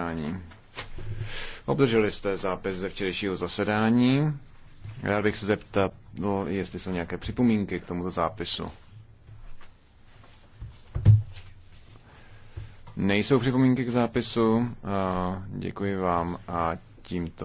zasedání. Obdrželi jste zápis ze včerejšího zasedání. Já bych se zeptat, no, jestli jsou nějaké připomínky k tomuto zápisu. Nejsou připomínky k zápisu. Děkuji vám a tímto.